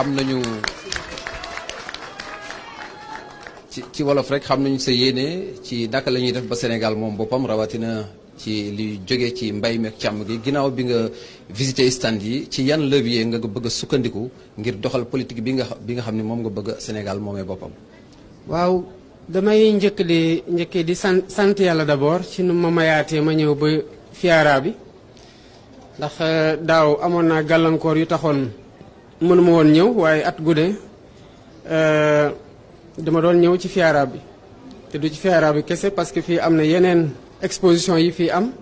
xam nañu ci ci wolof rek xam nañu sa yéene ci naka lañuy def ba Sénégal moom boppam rawatina ci li joge ci mbay meeg càmm gi ginnaaw bi nga visité stand yi ci yan levier nga bëgg a sukkandiku ngir doxal politique bi nga bi nga xam ne moom nga bëgg Sénégal moomee boppam. waaw damay njëkk di njëkkee di sant yàlla d' abord ci nu ma mayaatee ma ñëw ba fiara bi ndax daaw amoon naa gàllankoor yu taxoon mënuma woon ñëw waaye at guddee euh, dama doon ñëw ci fiara bi te du ci fiara bi kese parce que fii am na yeneen exposition yi fii am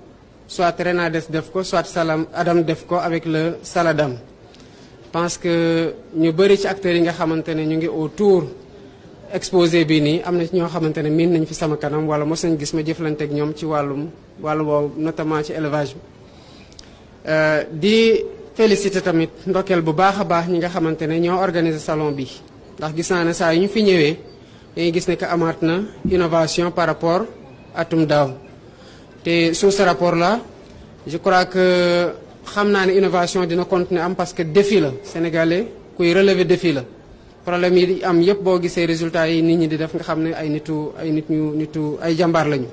soit des def ko soit Salam Adam def ko avec le Saladam parce que ñu bëri ci acteurs yi nga xamante ne ñu ngi autour exposé bii nii am na ci ñoo xamante ne miin nañ fi sama kanam wala mos nañ gis ma jëflanteeg ñoom ci wàllum wàllu woowu notamment ci élevage bi euh, félicité tamit ndokkeel bu baax a baax ñi nga xamante ne ñoo organisé salon bi ndax gis naa ne saa yu ñu fi ñëwee dañuy gis ne que amaat na innovation par rapport atum daaw te sous ce rapport là je crois que xam naa ne innovation dina continuer am parce que défi la sénégalais kuy relever défi la problème yi am yëpp boo gisee résultats yi nit ñi di def nga xam ne ay nitu ay nit ñu nitu ay jàmbaar lañu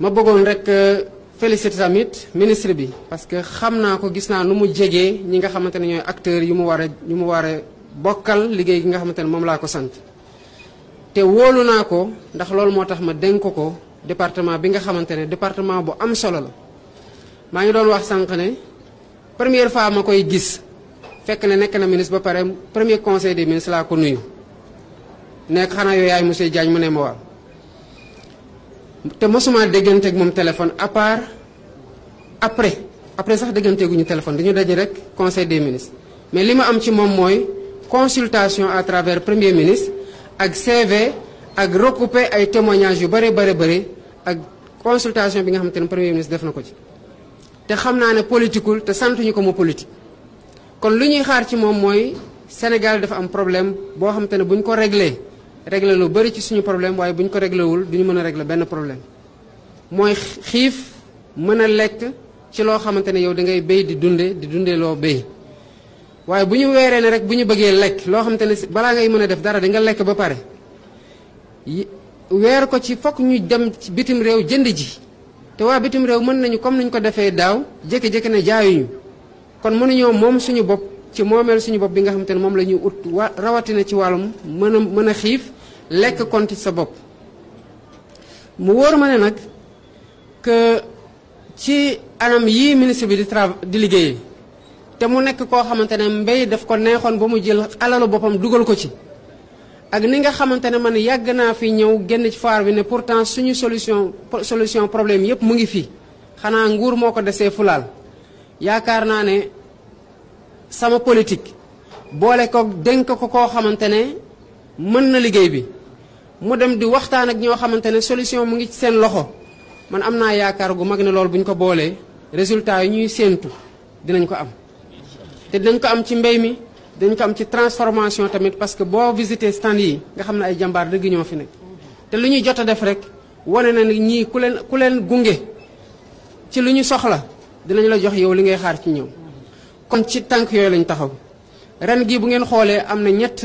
ma bëggoon rek euh, félicité tamit ministre bi parce que xam naa ko gis naa nu mu jegee ñi nga xamante ne ñooy acteurs yu mu war a yu mu war a bokkal liggéey gi nga xamante ne moom laa ko sant te wóolu naa ko ndax loolu moo tax ma dénk ko ko département bi nga xamante ne département bu am solo la maa ngi doon wax sànq ne première fois ma koy gis fekk ne nekk na ministre ba pare premier conseil des ministres laa ko nuyu nekk xanaa yooy yaay monsieur Diagne mu ne ma waaw te mosuma dégganteeg moom téléphone à part après après sax dégganteeguñu téléphone dañu daje rek conseil des ministres mais li ma am ci moom mooy consultation à travers premier ministre ak CV ak recoupé ay témoignages yu bare bare bare ak consultation bi nga xamante ne premier ministre def na ko ci. te xam naa ne politikul te santuñu ko mu politique kon lu ñuy xaar ci moom mooy Sénégal dafa am problème boo xamante ne bu ñu ko réglé. régler lu bari ci suñu problème waaye buñ ko réglé wul duñu mën a régler benn problème mooy xiif mën a lekk ci loo xamante ne yow da ngay béy di dunde di dunde loo béy waaye bu ñu weeree ne rek bu ñu bëggee lekk loo xamante ne balaa ngay mën a def dara di nga lekk ba pare weer ko ci fokk ñu dem ci bitim réew jënd ji te waa bitim réew mën nañu comme nañ ko defee daaw jékki-jékki ne jaayuñu kon mënuñoo moom suñu bopp ci moomeel suñu bopp bi nga xamante ne moom la ñuy ut wa rawatina ci wàllum mën a mën a xiif lekk konti sa bopp mu wóor ma ne nag que ci anam yii ministre bi di tra di liggéeyee te mu nekk koo xamante ne mbéy daf ko neexoon ba mu jël alalu boppam dugal ko ci ak ni nga xamante ne man yàgg naa fi ñëw génn ci foire bi ne pourtant suñu solution solution problème yépp mu ngi fi xanaa nguur moo ko desee fulaal yaakaar naa ne sama politik, boleh kok denk ko koo xamante ne mën na liggéey bi mu dem di waxtaan ak ñoo xamante ne solution mu ngi ci seen loxo man am naa yaakaar gu mag ne loolu ko boolee résultat yi ñuy dinañ ko am te dinañ ko am ci mbéy mi dinañ ko am ci transformation tamit parce que boo visité stand yi nga xam ne ay jàmbaar dëgg ñoo fi nekk te lu ñuy jot a def rek wane na ku leen ku leen gunge ci lu ñu soxla dinañ la jox yow li ngay xaar ci ñoom kon ci tànk yooyu lañ taxaw ren gii bu ngeen xoolee am na ñett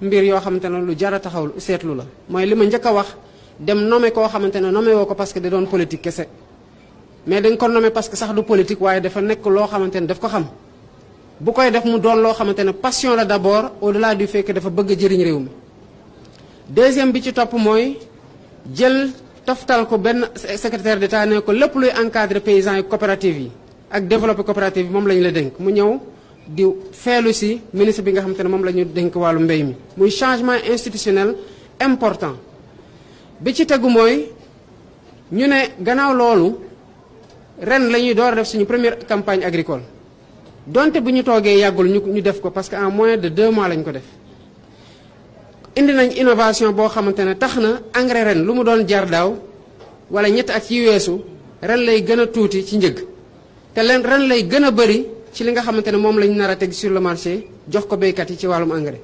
mbir yoo xamante ne lu jara taxaw seetlu la mooy li ma njëkk a wax dem nommé koo xamante ne nommé woo ko parce que da doon politique kese mais dañ ko nommé parce que sax du politique waaye dafa nekk loo xamante ne daf ko xam bu koy def mu doon loo xamante ne passion la d'abord au-delà du fait que dafa bëgg a jëriñ réew mi deuxième bi ci topp mooy jël toftal ko benn secrétaire d'État ne ko lépp luy encadre paysan yi coopérative yi ak développer coopérative bi moom lañ la dénk mu ñëw di feelu si ministre bi nga xamante ne moom la ñu dénk wàllu mbéy mi muy changement institutionnel important bi ci tegu mooy ñu ne gannaaw loolu ren la ñuy door def suñu première campagne agricole donte bu ñu toogee yàggul ñu ñu def ko parce que en moins de deux mois lañ ko def indi nañ innovation boo xamante ne tax na engrais ren lu mu doon jar daaw wala ñett ak yi weesu ren lay gën a tuuti ci njëg te leen ren lay gën a bëri ci li nga xamante ne moom lañu nar a teg sur le marché jox ko béykat yi ci wàllum engrais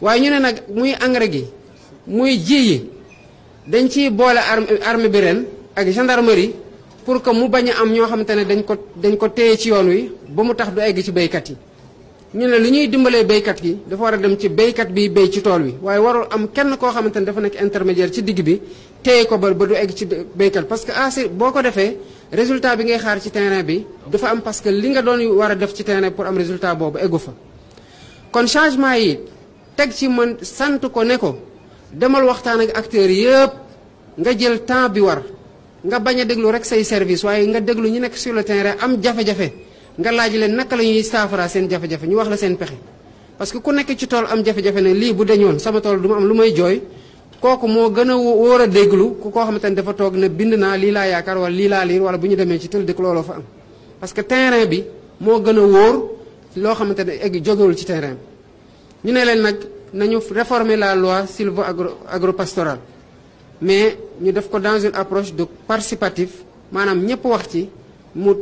waaye ñu ne nag muy engrais gi muy ji yi dañ ciy boole arme arme bi ren ak gendarmerie pour que mu bañ am ñoo xamante ne dañ ko dañ ko téye ci yoon wi ba mu tax du egg ci béykat yi ñu ne li ñuy dimbalee béykat gi dafa war a dem ci béykat bi béy ci tool wi waaye warul am kenn koo xamante ne dafa nekk intermédiaire ci digg bi téye ko ba ba du egg ci béykat parce que asi ah, boo ko defee résultat bi ngay xaar ci terrain bi dafa am parce que li nga doon war a def ci terrain pour am résultat boobu eggu fa kon changement yi teg ci man sant ko ne ko demal waxtaan ak acteurs yëpp nga jël temps bi war nga bañ a déglu rek say service waaye nga déglu ñu nekk sur le terrain am jafe-jafe nga laaj leen naka la ñuy saafara seen jafe-jafe ñu wax la seen pexe parce que ku nekk ci tool am jafe-jafe ne lii bu dañoon sama tool du ma am lu may jooy kooku moo gën a wóor a déglu ku koo xamante ne dafa toog ne bind naa lii laa yaakaar wala lii laa liir wala bu ñu demee ci tël dëkk looloo fa am parce que terrain bi moo gën a wóor loo xamante ne egg jógewul ci terrain bi ñu ne leen nag nañu réformer la loi sylvo agro agropastorale mais ñu def ko dans une approche de participatif maanaam ñëpp wax ci mu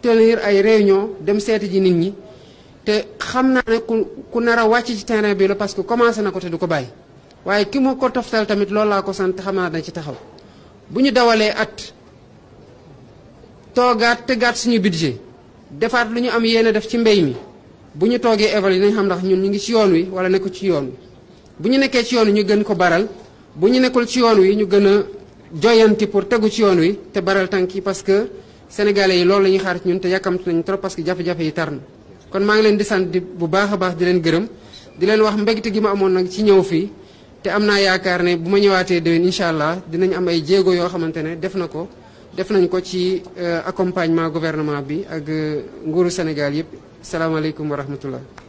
tenir ay réunion dem seeti ji nit ñi te xam naa ne ku ku nar a wàcc ci terrain bi la parce que commencé na ko te ko bàyyi waaye ki mu ko toftal tamit loolu laa ko sant xamaat na ci taxaw bu ñu dawalee at toogaat tëggaat suñu budget defaat lu ñu am yéene def ci mbéy mi bu ñu toogee yi nañ xam ndax ñun ñu ngi ci yoon wi wala nekku ci yoon wi bu ñu nekkee ci yoon wi ñu gën ko baral bu ñu nekkul ci yoon wi ñu gën a joyanti pour tegu ci yoon wi te baral tànk yi parce que sénégalais yi loolu la ñuy xaar ci ñun te yàkkamti nañ trop parce que jafe-jafe yi tar na kon maa ngi leen di sant di bu baax a baax di leen gërëm di leen wax mbégte gi ma amoon nag ci ñëw fii te am naa yaakaar ne bu ma ñëwaatee déwén incha allah dinañ am ay jéego yoo xamante ne def na ko def nañ ko ci euh, accompagnement gouvernement bi ak euh, nguuru Sénégal yëpp salaamaaleykum wa rahmatullah